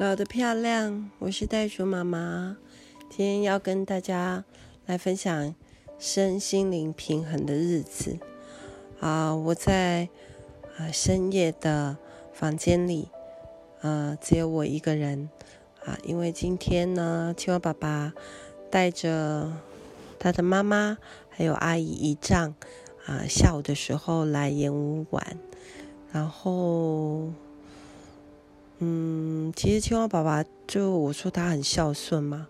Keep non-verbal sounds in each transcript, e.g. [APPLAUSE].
老得漂亮，我是袋鼠媽媽。今天要跟大家來分享身心靈平衡的日子啊、呃！我在啊、呃、深夜的房間裡，呃、只有我一個人啊、呃。因為今天呢，青蛙爸爸帶着他的媽媽還有阿姨姨丈啊，下午的時候來演武館，然後。嗯，其實青蛙爸爸就我說他很孝順嘛，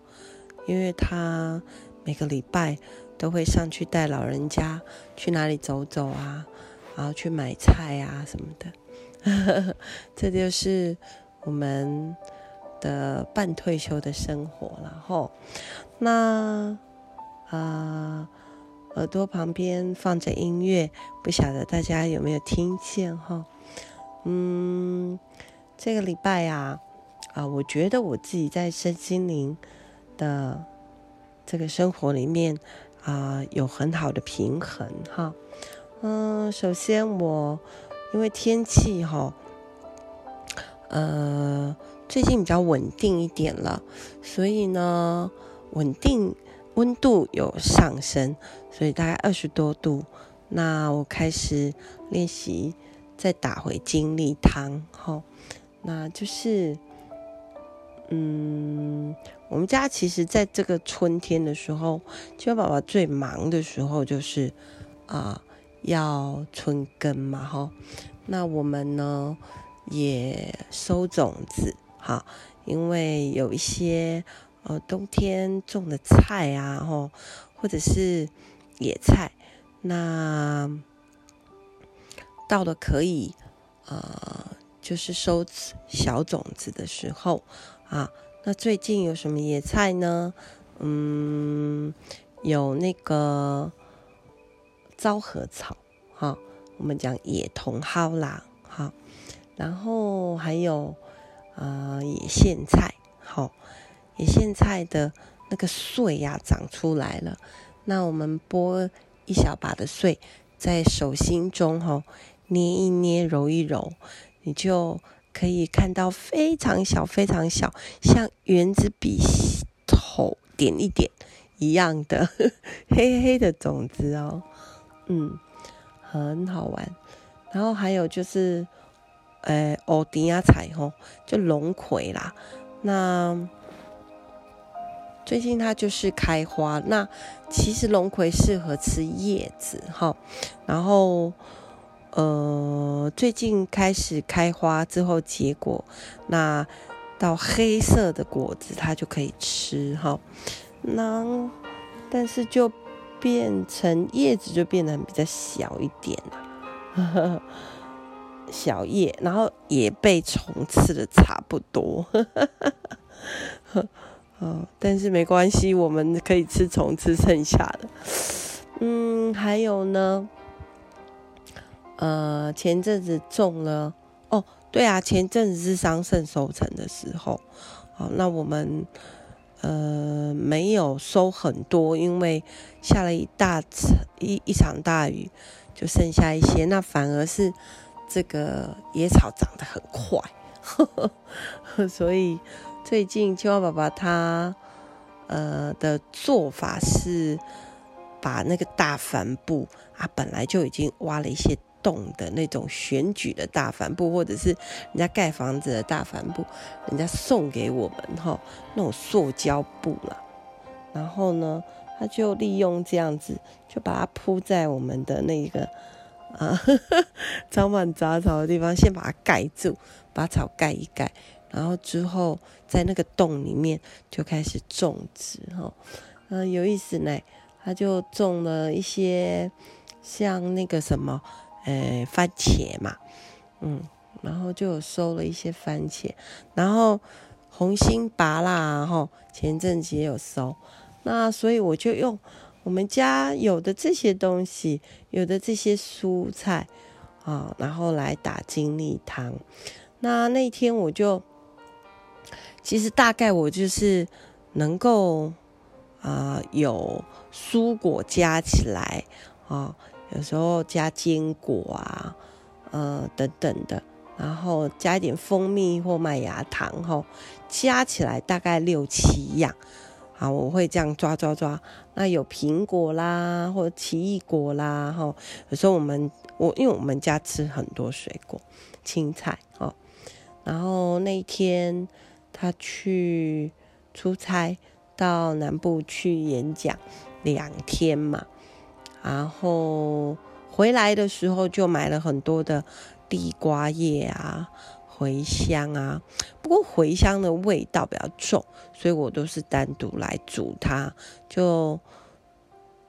因為他每個禮拜都會上去帶老人家去哪裡走走啊，然後去買菜啊什麼的， [LAUGHS] 這就是我們的半退休的生活，然後那啊、呃，耳朵旁邊放着音樂，不曉得大家有沒有聽見哈、哦？嗯。這個禮拜呀、啊，啊、呃，我覺得我自己在身心靈的這個生活裡面啊、呃，有很好的平衡哈。嗯、呃，首先我因為天氣吼，呃，最近比較穩定一點了，所以呢，穩定溫度有上升，所以大概二十多度。那我開始練習再打回精力湯哈。那就是，嗯，我們家其實在這個春天的時候，秋寶寶最忙的時候就是，啊、呃，要春耕嘛，哈。那我們呢也收種子，哈，因為有一些呃冬天種的菜啊，哈，或者是野菜，那到了可以，啊、呃。就是收小種子的時候啊。那最近有什麼野菜呢？嗯，有那個昭和草、啊，我們講野茼蒿啦、啊，然後還有啊、呃、野莧菜，啊、野莧菜的那個穗呀、啊、長出來了，那我們撥一小把的穗，在手心中哈、啊、捏一捏，揉一揉。你就可以看到非常小、非常小，像原子筆頭點一點一樣的黑黑的種子哦，嗯，很好玩。然後還有就是，誒、欸，歐迪亞彩虹，就龍葵啦。那最近它就是開花。那其實龍葵適合吃葉子哈、哦，然後。呃，最近開始開花之後結果，那到黑色的果子它就可以吃哈，那但是就變成葉子就變得很比較小一點了，呵呵小葉，然後也被蟲吃的差不多，哦呵呵，但是沒關係，我們可以吃蟲吃剩下的，嗯，還有呢？呃，前陣子種了哦，對啊，前陣子是桑葚收成的時候，好、哦，那我們呃沒有收很多，因為下了一大場一一場大雨，就剩下一些。那反而是這個野草長得很快，呵呵所以最近青蛙爸爸他呃的做法是把那個大帆布啊，本來就已經挖了一些。洞的那種選舉的大帆布，或者是人家蓋房子的大帆布，人家送給我們哈，那種塑膠布啦。然後呢，他就利用這樣子，就把它鋪在我們的那個啊呵呵長滿雜草的地方，先把它蓋住，把草蓋一蓋。然後之後在那個洞裡面就開始種植哈，嗯，有意思呢，他就種了一些像那個什麼。哎，番茄嘛，嗯，然後就有收了一些番茄，然後紅心芭樂、啊，然後前陣子也有收，那所以我就用我們家有的這些東西，有的這些蔬菜啊、哦，然後來打精力湯。那那天我就，其實大概我就是能夠啊、呃，有蔬果加起來啊。哦有時候加堅果啊，呃等等的，然後加一點蜂蜜或麥芽糖吼、哦，加起來大概六七樣，好，我會這樣抓抓抓。那有蘋果啦，或奇異果啦吼、哦。有時候我們我因為我們家吃很多水果、青菜哦。然後那一天他去出差到南部去演講兩天嘛。然後回來的時候就買了很多的地瓜葉啊、茴香啊，不過茴香的味道比較重，所以我都是單獨來煮它，就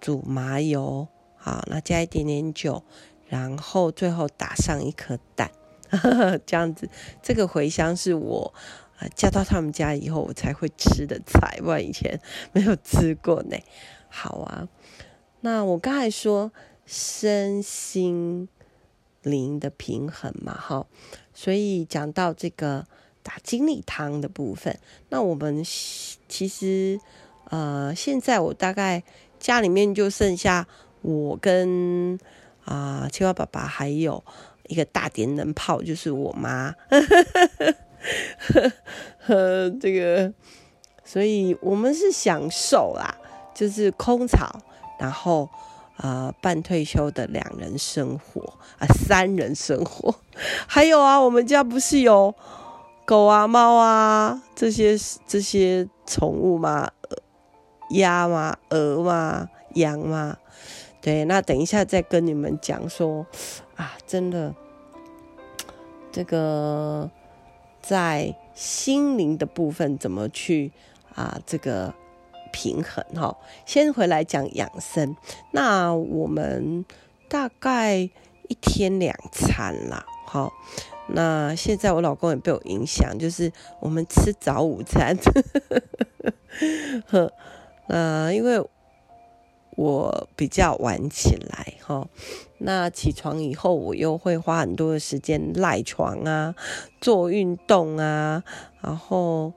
煮麻油，好，那加一點點酒，然後最後打上一顆蛋，呵呵，這樣子。這個茴香是我啊、呃、嫁到他們家以後我才會吃的菜，我以前沒有吃過呢。好啊。那我剛才說身心靈的平衡嘛，哈，所以講到這個打精力湯的部分，那我們其實呃，現在我大概家裡面就剩下我跟啊青蛙爸爸，還有一個大電燈泡，就是我媽，呵， [LAUGHS] 這個，所以我們是享受啦，就是空巢。然後，呃，半退休的兩人生活，啊、呃，三人生活，還有啊，我們家不是有狗啊、貓啊這些這些寵物嗎？鴨嗎，嗎？鵝嗎？羊嗎？對，那等一下再跟你們講說，啊，真的，這個在心靈的部分怎麼去啊？這個。平衡哈，先回來講養生。那我們大概一天兩餐啦，好。那現在我老公也被我影響，就是我們吃早午餐。呵、 [LAUGHS] 嗯，那因為我比較晚起來哈，那起床以後我又會花很多的時間賴床啊，做運動啊，然後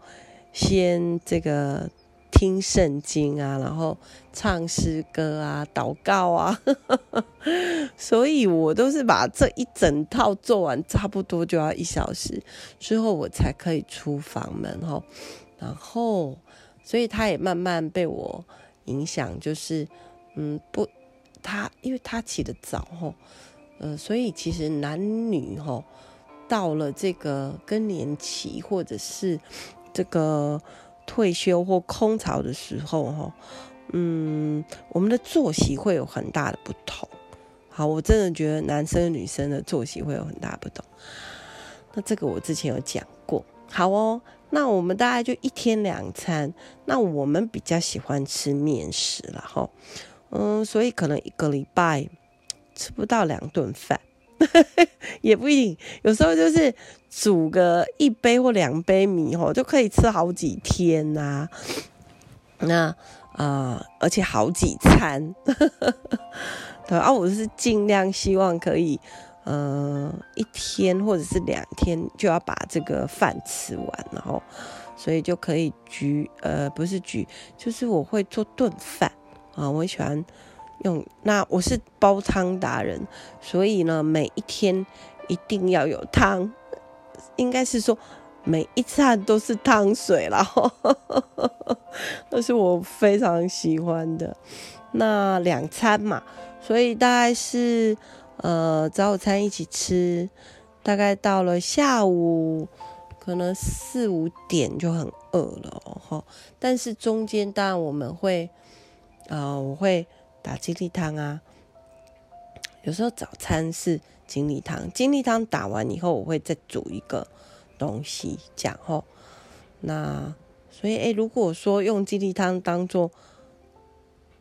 先這個。聽聖經啊，然後唱詩歌啊，禱告啊， [LAUGHS] 所以我都是把這一整套做完，差不多就要一小時之後，我才可以出房門哈。然後，所以他也慢慢被我影響，就是嗯，不，他因為他起得早、呃、所以其實男女哈，到了這個更年期或者是這個。退休或空巢的時候，嗯，我們的作息會有很大的不同。好，我真的覺得男生女生的作息會有很大不同。那這個我之前有講過。好哦，那我們大概就一天兩餐。那我們比較喜歡吃麵食了，哈，嗯，所以可能一個禮拜吃不到兩頓飯。 [LAUGHS] 也不一定，有時候就是煮個一杯或兩杯米吼就可以吃好幾天吶、啊。那啊、呃，而且好幾餐。 [LAUGHS] 對啊，我是盡量希望可以，嗯、呃，一天或者是兩天就要把這個飯吃完，然後，所以就可以焗，呃，不是焗，就是我會做燉飯啊，我喜歡。用，那我是煲湯達人，所以呢，每一天一定要有湯，應該是說每一餐都是湯水啦，哈，那是我非常喜歡的。那兩餐嘛，所以大概是呃，早餐一起吃，大概到了下午可能四五點就很餓了哦。但是中間當然我們會，啊、呃，我會。打精力湯啊，有時候早餐是精力湯，精力湯打完以後，我會再煮一個東西這樣哦，那所以，哎、欸，如果說用精力湯當做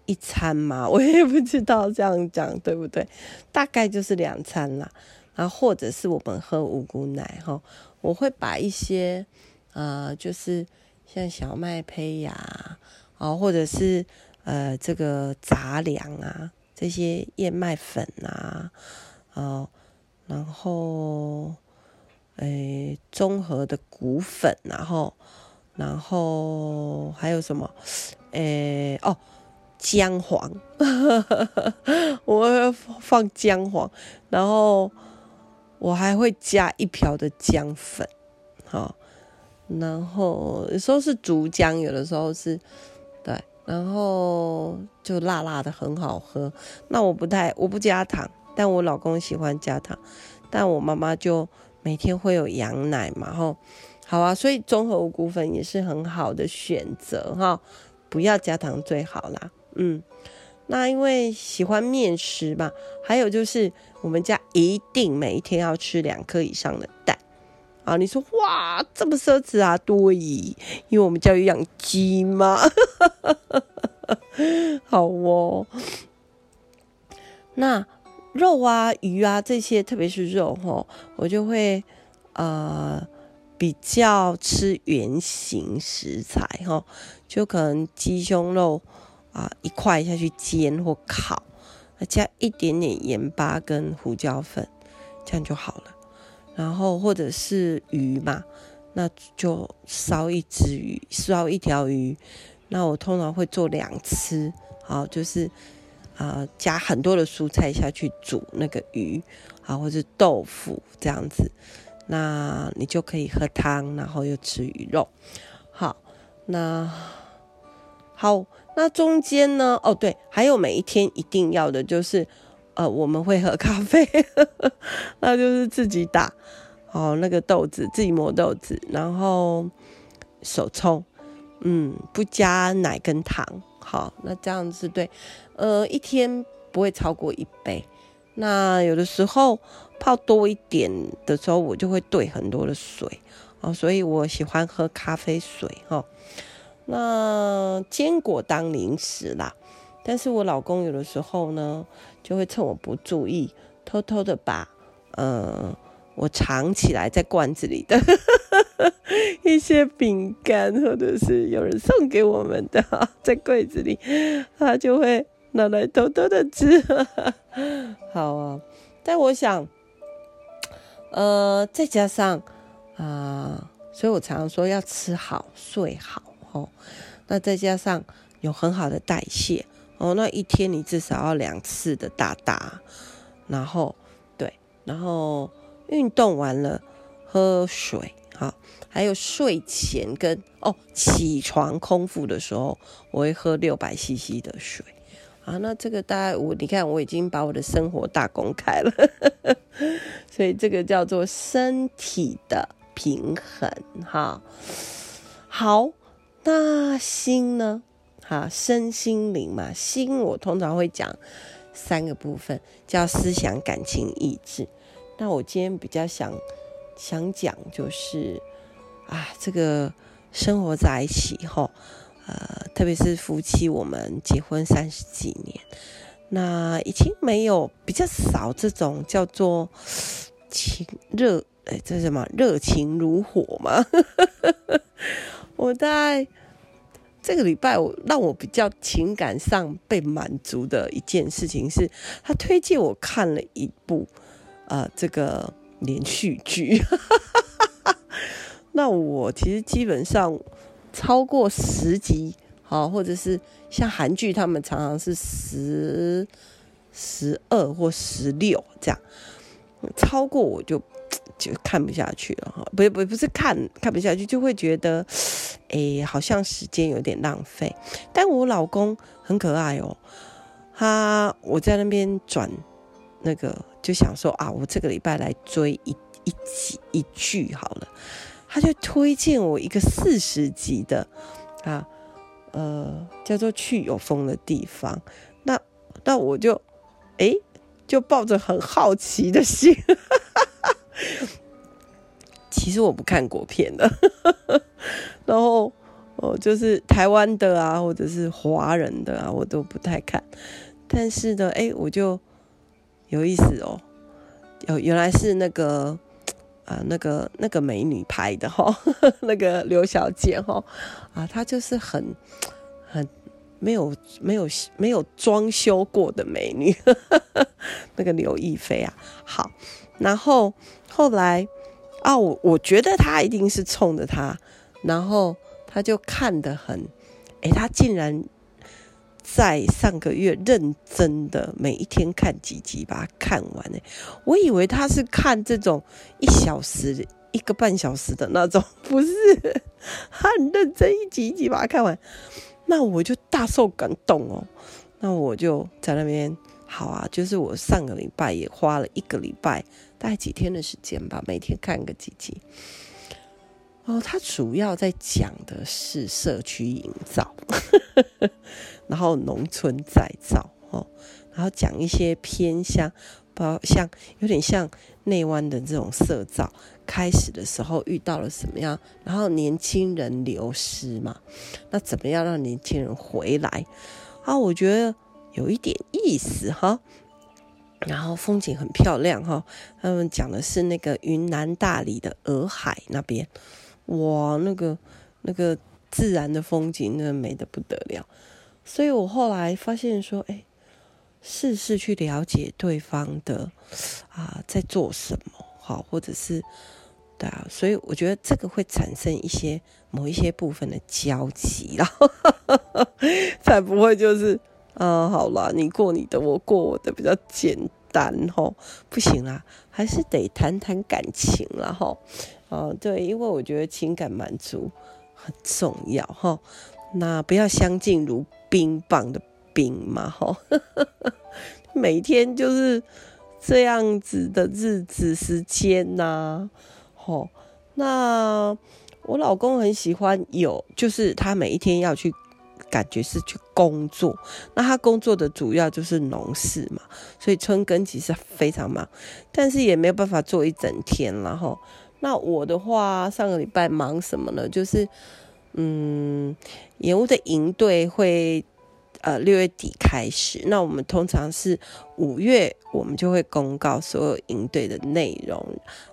一餐嘛，我也不知道這樣講對不對，大概就是兩餐啦。然、啊、後或者是我們喝五穀奶哦，我會把一些啊、呃，就是像小麥胚芽啊，或者是。呃，這個雜糧啊，這些燕麥粉啊，然後，誒、欸，綜合的穀粉，然後，然後還有什麼？誒、欸，哦，薑黃， [LAUGHS] 我要放薑黃，然後我還會加一瓢的薑粉，好，然後有時候是竹薑，有的時候是。然後就辣辣的，很好喝。那我不太我不加糖，但我老公喜歡加糖。但我媽媽就每天會有羊奶嘛，後、哦、好啊。所以綜合五谷粉也是很好的選擇哈、哦，不要加糖最好啦。嗯，那因為喜歡麵食嘛，還有就是我們家一定每一天要吃兩顆以上的蛋。啊，你說哇，這麼奢侈啊？對，因為我們家有養雞嘛。 [LAUGHS] 好哦，那肉啊、魚啊這些，特別是肉哈、哦，我就會呃比較吃原型食材哈、哦，就可能雞胸肉啊、呃、一塊下去煎或烤，加一點點鹽巴跟胡椒粉，這樣就好了。然後或者是魚嘛，那就燒一隻魚，燒一條魚。那我通常會做兩吃，好，就是啊、呃、加很多的蔬菜下去煮那個魚，啊，或者豆腐這樣子，那你就可以喝湯，然後又吃魚肉。好，那好，那中間呢？哦，對，還有每一天一定要的就是。呃，我們會喝咖啡， [LAUGHS] 那就是自己打，哦，那個豆子自己磨豆子，然後手沖，嗯，不加奶跟糖，好，那這樣子對，呃，一天不會超過一杯，那有的時候泡多一點的時候，我就會兌很多的水，哦，所以我喜歡喝咖啡水哦。那堅果當零食啦。但是我老公有的時候呢，就會趁我不注意，偷偷的把呃我藏起來在罐子裡的呵呵一些餅乾，或者是有人送給我們的，在櫃子裡，他就會拿來偷偷的吃。呵呵好啊，但我想，呃，再加上啊、呃，所以我常常說要吃好、睡好，吼、哦，那再加上有很好的代謝。哦，那一天你至少要兩次的大大，然後對，然後運動完了喝水啊，還有睡前跟哦起床空腹的時候，我會喝六百 CC 的水啊。那這個大概我你看我已經把我的生活大公開了， [LAUGHS] 所以這個叫做身體的平衡哈。好，那心呢？啊，身心靈嘛，心我通常會講三個部分，叫思想、感情、意志。那我今天比較想想講，就是啊，這個生活在一起後，哦，呃，特別是夫妻，我們結婚三十幾年，那已經沒有比較少這種叫做情熱，哎、這什麼？熱情如火嘛？ [LAUGHS] 我在。這個禮拜我讓我比較情感上被滿足的一件事情是，他推薦我看了一部，呃，這個連續劇。 [LAUGHS] 那我其實基本上超過十集，好，或者是像韓劇他們常常是十、十二或十六這樣，超過我就。就看不下去了哈，不是不不是看看不下去，就會覺得，哎，好像時間有點浪費。但我老公很可愛哦，他我在那邊轉那個就想說啊，我這個禮拜來追一一集一劇好了，他就推薦我一個四十集的啊，呃，叫做《去有風的地方》，那那我就，哎，就抱着很好奇的心。 [LAUGHS] 其實我不看國片的，呵呵，然後哦，就是台灣的啊，或者是華人的啊，我都不太看。但是呢，誒我就有意思哦，哦原來是那個啊、呃，那個那個美女拍的哈、哦，那個劉小姐哈、哦，啊，她就是很很沒有沒有沒有裝修過的美女呵呵，那個劉亦菲啊，好，然後。後來，哦、啊，我我覺得他一定是衝着他，然後他就看得很，誒，他竟然在上個月認真的每一天看幾集把它看完，誒，我以為他是看這種一小時、一個半小時的那種，不是，他很認真一集一集把它看完，那我就大受感動哦，那我就在那邊。好啊，就是我上個禮拜也花了一個禮拜，大概幾天的時間吧，每天看個幾集。哦，它主要在講的是社區營造，呵呵呵然後農村再造，哦，然後講一些偏鄉，包像有點像內灣的這種社造。開始的時候遇到了什麼樣？然後年輕人流失嘛，那怎麼樣讓年輕人回來？啊，我覺得。有一點意思哈，然後風景很漂亮哈，他們講的是那個雲南大理的洱海那邊，哇，那個那個自然的風景，那美得不得了。所以我後來發現說，哎，試試去了解對方的啊、呃、在做什麼，好，或者是對啊，所以我覺得這個會產生一些某一些部分的交集啦，然 [LAUGHS] 後才不會就是。啊，好啦，你過你的，我過我的，比較簡單哦，不行啦，還是得談談感情啦，哈。哦、啊，對，因為我覺得情感滿足很重要哈。那不要相敬如賓，棒的賓嘛哈。 [LAUGHS] 每天就是這樣子的日子時間吶、啊。吼，那我老公很喜歡有，就是他每一天要去。感覺是去工作，那他工作的主要就是農事嘛，所以春耕其實非常忙，但是也沒有辦法做一整天。然後那我的話，上個禮拜忙什麼呢？就是嗯，演武的營隊會呃六月底開始，那我們通常是五月我們就會公告所有營隊的內容，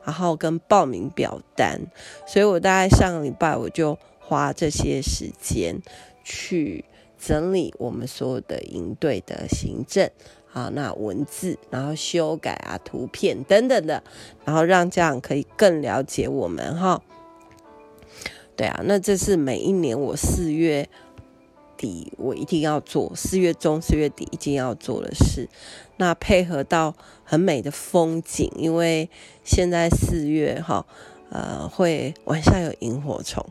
然後跟報名表單，所以我大概上個禮拜我就花這些時間。去整理我們所有的營隊的行政啊，那文字，然後修改啊，圖片等等的，然後讓家長可以更了解我們哈。對啊，那這是每一年我四月底我一定要做，四月中四月底一定要做的事。那配合到很美的風景，因為現在四月哈。呃，會晚上有螢火蟲，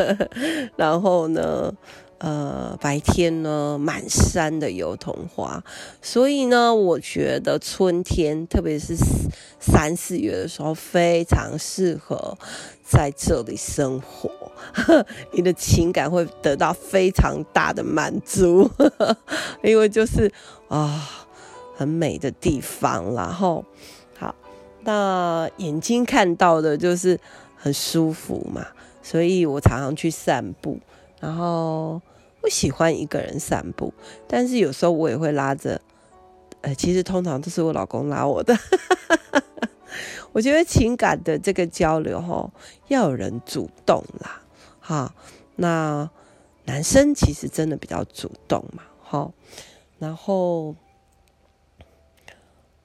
[LAUGHS] 然後呢，呃，白天呢，滿山的油桐花，所以呢，我覺得春天，特別是三四月的時候，非常適合在這裡生活， [LAUGHS] 你的情感會得到非常大的滿足， [LAUGHS] 因為就是啊、哦，很美的地方，然後。那、呃、眼睛看到的就是很舒服嘛，所以我常常去散步，然後我喜歡一個人散步，但是有時候我也會拉着，呃、其實通常都是我老公拉我的， [LAUGHS] 我覺得情感的這個交流吼、哦，要有人主動啦，好，那男生其實真的比較主動嘛，好，然後。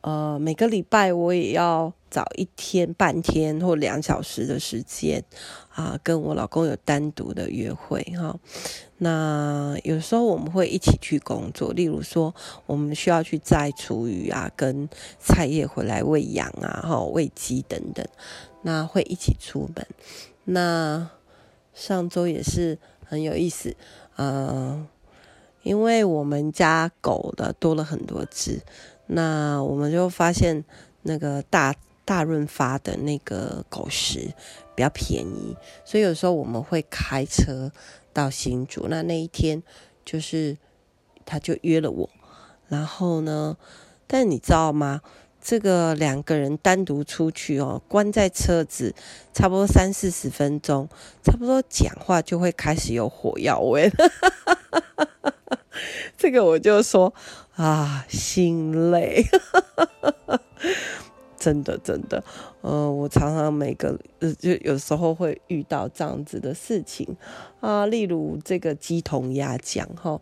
呃，每個禮拜我也要找一天、半天或兩小時的時間啊、呃，跟我老公有單獨的約會哈、哦。那有時候我們會一起去工作，例如說我們需要去摘廚餘啊，跟菜葉回來餵羊啊，哈、哦，餵雞等等，那會一起出門。那上週也是很有意思，嗯、呃，因為我們家狗的多了很多隻。那我們就發現那個大大潤發的那個狗食比較便宜，所以有時候我們會開車到新竹。那那一天就是他就約了我，然後呢，但你知道嗎？這個兩個人單獨出去哦，關在車子差不多三四十分鐘，差不多講話就會開始有火藥味了。 [LAUGHS] 這個我就說啊，心累， [LAUGHS] 真的真的、呃，我常常每個、呃、就有時候會遇到這樣子的事情啊，例如這個雞同鴨講，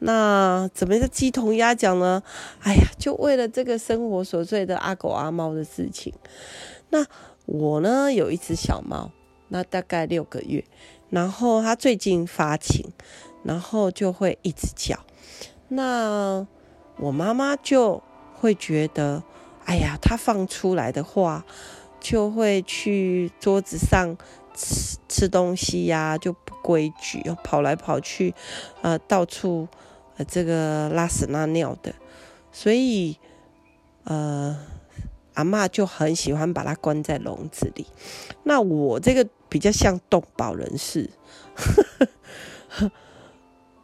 那怎麼一個雞同鴨講呢？哎呀，就為了這個生活瑣碎的阿狗阿貓的事情，那我呢，有一只小貓，那大概六個月，然後它最近發情。然後就會一直叫，那我媽媽就會覺得，哎呀，它放出來的話，就會去桌子上吃吃東西呀、啊，就不規矩，跑來跑去，呃，到處、呃、這個拉屎拉尿的，所以，呃，阿媽就很喜歡把它關在籠子裡。那我這個比較像動保人士。呵呵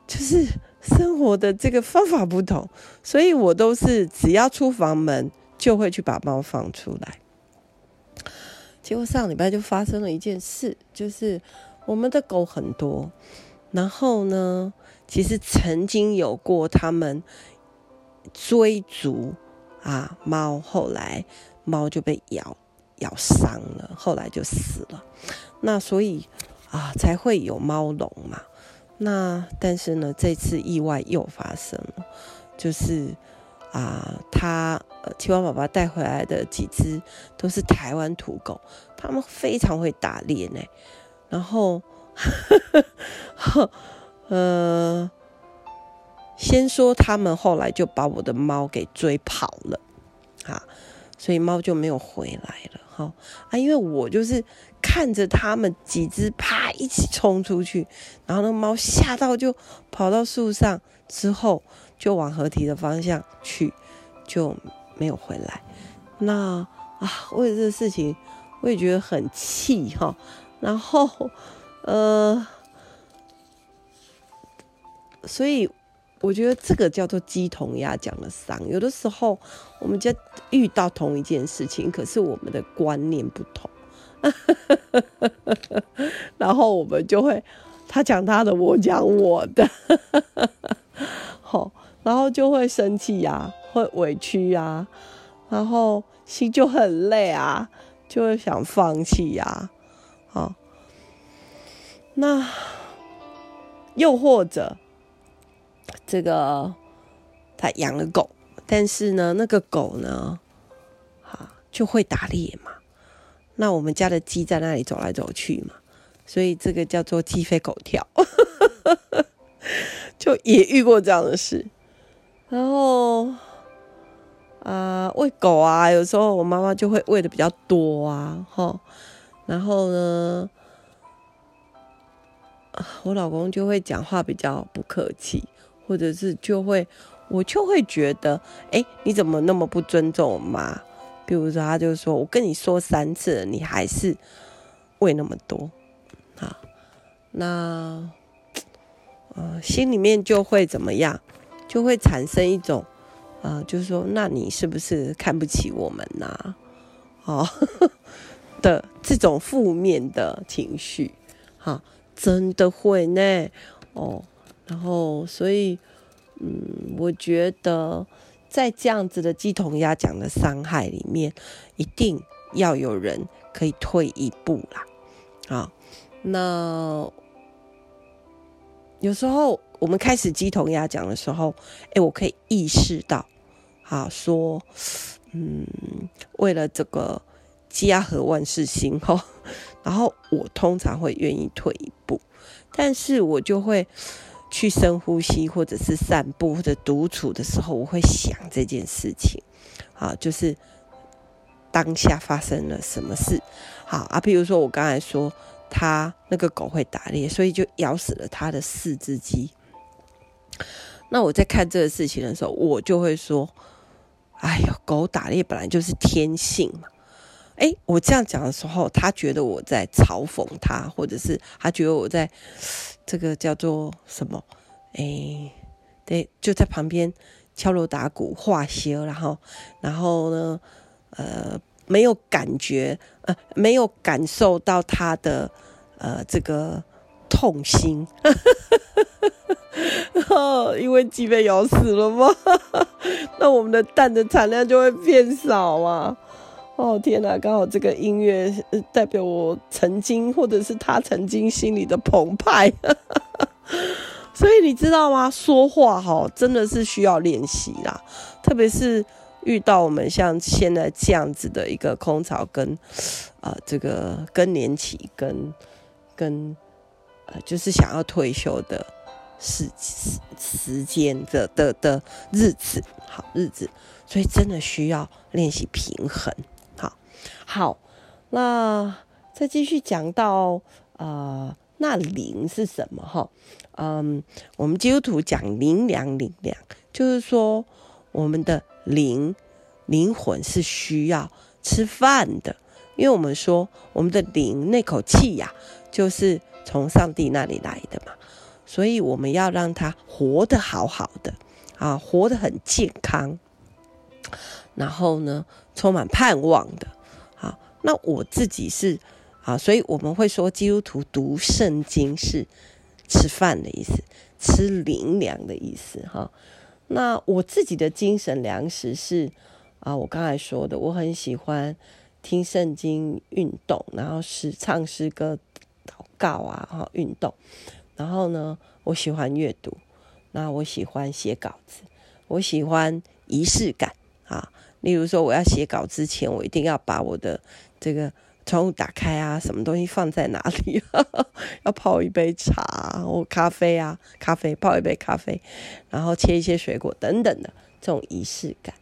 就是生活的這個方法不同，所以我都是只要出房門就會去把貓放出來。結果上禮拜就發生了一件事，就是我們的狗很多，然後呢，其實曾經有過他們追逐啊貓，後來貓就被咬咬傷了，後來就死了。那所以啊，才會有貓籠嘛。那但是呢，這次意外又發生了，就是啊、呃，他青蛙爸爸帶回來的幾隻都是台灣土狗，他們非常會打獵呢、欸。然後 [LAUGHS] 呵，呃，先說他們後來就把我的貓給追跑了，啊。所以貓就沒有回來了，哈，啊，因為我就是看着它們幾隻啪一起衝出去，然後那貓嚇到就跑到樹上，之後就往河堤的方向去，就沒有回來。那啊，為了這個事情，我也覺得很氣哈，啊。然後，呃，所以。我覺得這個叫做雞同鴨講的傷。有的時候，我們就遇到同一件事情，可是我們的觀念不同， [LAUGHS] 然後我們就會他講他的，我講我的， [LAUGHS] 好，然後就會生氣呀、啊，會委屈呀、啊，然後心就很累啊，就會想放棄呀、啊，好，那又或者。這個他養了狗，但是呢，那個狗呢，啊，就會打獵嘛。那我們家的雞在那裡走來走去嘛，所以這個叫做雞飛狗跳， [LAUGHS] 就也遇過這樣的事。然後啊、呃，餵狗啊，有時候我媽媽就會餵的比較多啊，然後呢，我老公就會講話比較不客氣。或者是就會，我就會覺得，哎，你怎麼那麼不尊重我媽？比如說，他就說我跟你說三次，你還是餵那麼多，啊，那、呃，心裡面就會怎麼樣？就會產生一種，啊、呃，就是說，那你是不是看不起我們吶、啊？哦， [LAUGHS] 的這種負面的情緒，哈，真的會呢，哦。然後，所以，嗯，我覺得在這樣子的雞同鴨講的傷害裡面，一定要有人可以退一步啦。好，那有時候我們開始雞同鴨講的時候，哎，我可以意識到，好、啊、說，嗯，為了這個家和萬事興哦，然後我通常會願意退一步，但是我就會。去深呼吸，或者是散步，或者獨處的時候，我會想這件事情，好，就是當下發生了什麼事。好啊，比如說我剛才說他那個狗會打獵，所以就咬死了他的四隻雞。那我在看這個事情的時候，我就會說：“哎呦，狗打獵本來就是天性嘛。欸”哎，我這樣講的時候，他覺得我在嘲諷他，或者是他覺得我在。這個叫做什麼？哎、欸，對，就在旁邊敲鑼打鼓化血，然後，然後呢，呃，沒有感覺，呃，沒有感受到他的呃這個痛心，哈哈哈哈哈，然後因為雞被咬死了嘛， [LAUGHS] 那我們的蛋的產量就會變少啊。哦天哪、啊，剛好這個音樂、呃、代表我曾經，或者是他曾經心裡的澎湃， [LAUGHS] 所以你知道嗎？說話哈、哦、真的是需要練習啦，特別是遇到我們像現在這樣子的一個空巢跟，呃這個更年期跟跟呃就是想要退休的時時時間的的的日子好日子，所以真的需要練習平衡。好，那再繼續講到，呃，那靈是什麼？哈，嗯，我們基督徒講靈糧，靈糧就是說我們的靈靈魂，是需要吃飯的，因為我們說我們的靈那口氣呀、啊，就是從上帝那裡來的嘛，所以我們要讓它活得好好的啊，活得很健康，然後呢，充滿盼望的。那我自己是啊，所以我們會說基督徒讀聖經是吃飯的意思，吃靈糧的意思哈。那我自己的精神糧食是啊，我剛才說的，我很喜歡聽聖經、運動，然後是唱詩歌、禱告啊哈、啊，運動。然後呢，我喜歡閱讀，那我喜歡寫稿子，我喜歡儀式感啊。例如說，我要寫稿之前，我一定要把我的這個窗戶打開啊，什麼東西放在哪裡啊，呵呵要泡一杯茶或咖啡啊，咖啡泡一杯咖啡，然後切一些水果等等的這種儀式感。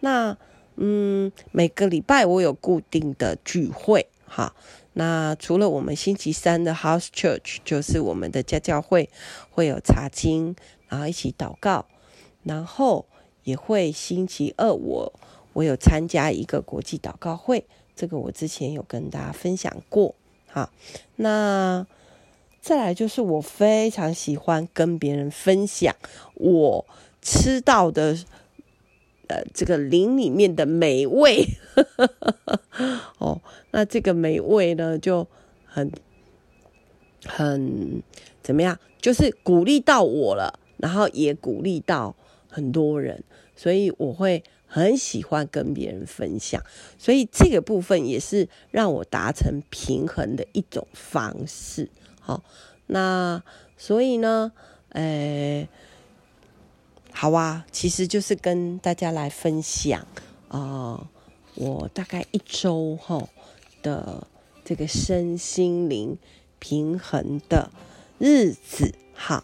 那嗯，每個禮拜我有固定的聚會哈。那除了我們星期三的 House Church，就是我們的家教會，會有查經，然後一起禱告，然後也會星期二我。我有參加一個國際禱告會，這個我之前有跟大家分享過。好，那再來就是我非常喜歡跟別人分享我吃到的，呃，這個靈裡面的美味。哦，那這個美味呢，就很很怎麼樣？就是鼓勵到我了，然後也鼓勵到很多人，所以我會。很喜歡跟別人分享，所以這個部分也是讓我達成平衡的一種方式。好，那所以呢，誒，好哇，其實就是跟大家來分享啊，呃，我大概一周後的這個身心靈平衡的日子。好，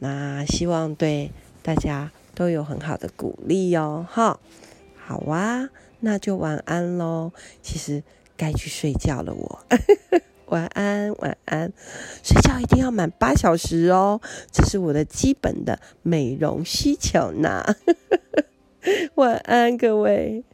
那希望對大家。都有很好的鼓勵哦，哈，好哇，啊，那就晚安嘍。其實該去睡覺了我，我 [LAUGHS] 晚安，晚安，睡覺一定要滿八小時哦，這是我的基本的美容需求呢。 [LAUGHS] 晚安，各位。